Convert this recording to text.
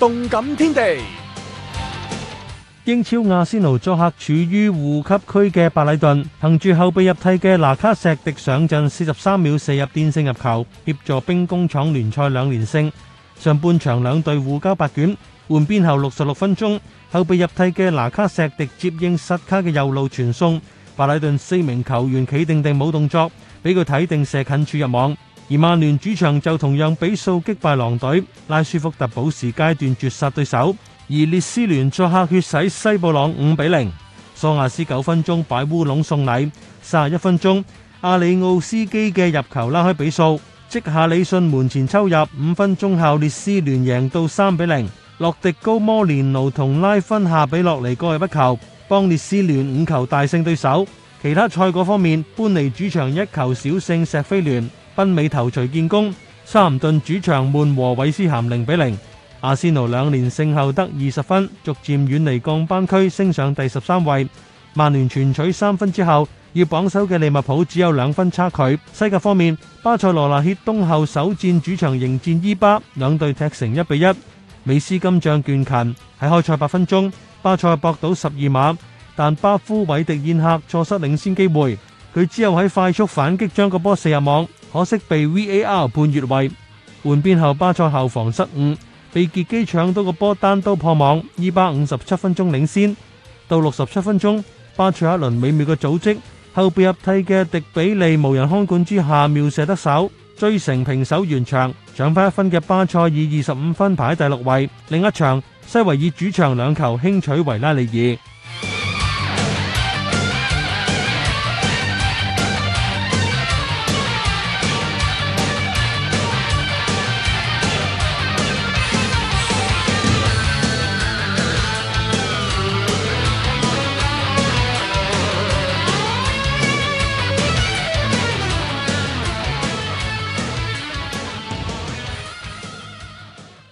動感天地， 英超阿仙奴作客處於護級區嘅白禮頓，憑住後備入替嘅拿卡錫迪上陣，四十三秒射入奠勝入球，協助兵工廠聯賽兩連勝。上半場兩隊互交白卷，換邊後六十六分鐘，後備入替嘅拿卡錫迪接應實卡嘅右路傳送，白禮頓四名球員企定定冇動作，俾佢睇定射近處入網。而曼聯主場就同樣比數擊敗狼隊，拉舒福特補時階段絕殺對手。而列斯聯作客血洗西布朗五比零，索亞斯九分鐘擺烏龍送禮，卅一分鐘阿里奧斯基嘅入球拉開比數，即下李信門前抽入五分鐘後，列斯聯贏到三比零。洛迪高摩連奴同拉芬夏比落嚟各入一球，幫列斯聯五球大勝對手。其他賽果方面，般尼主場一球小勝錫菲聯。英尾頭槌建功，修咸頓主場悶和韋斯咸零比零。阿仙奴兩連勝後得二十分，逐漸遠離降班區，升上第十三位。曼聯全取三分之後，與榜首嘅利物浦只有兩分差距。西甲方面，巴塞羅那歇冬後首戰主場迎戰伊巴，兩隊踢成一比一。美斯金將倦勤喺開賽八分鐘，巴塞博到十二碼，但巴夫韋迪宴客錯失領先機會，佢之後喺快速反擊將個波射入網。可惜被 VAR 判越位，換邊後巴塞後防失誤，被杰基搶到個波單刀破網，二百五十七分鐘領先。到六十七分鐘，巴塞一輪美妙嘅組織，後備入替嘅迪比利無人看管之下妙射得手，追成平手完場，搶翻一分嘅巴塞以二十五分排喺第六位。另一場西維爾主場兩球輕取維拉利爾。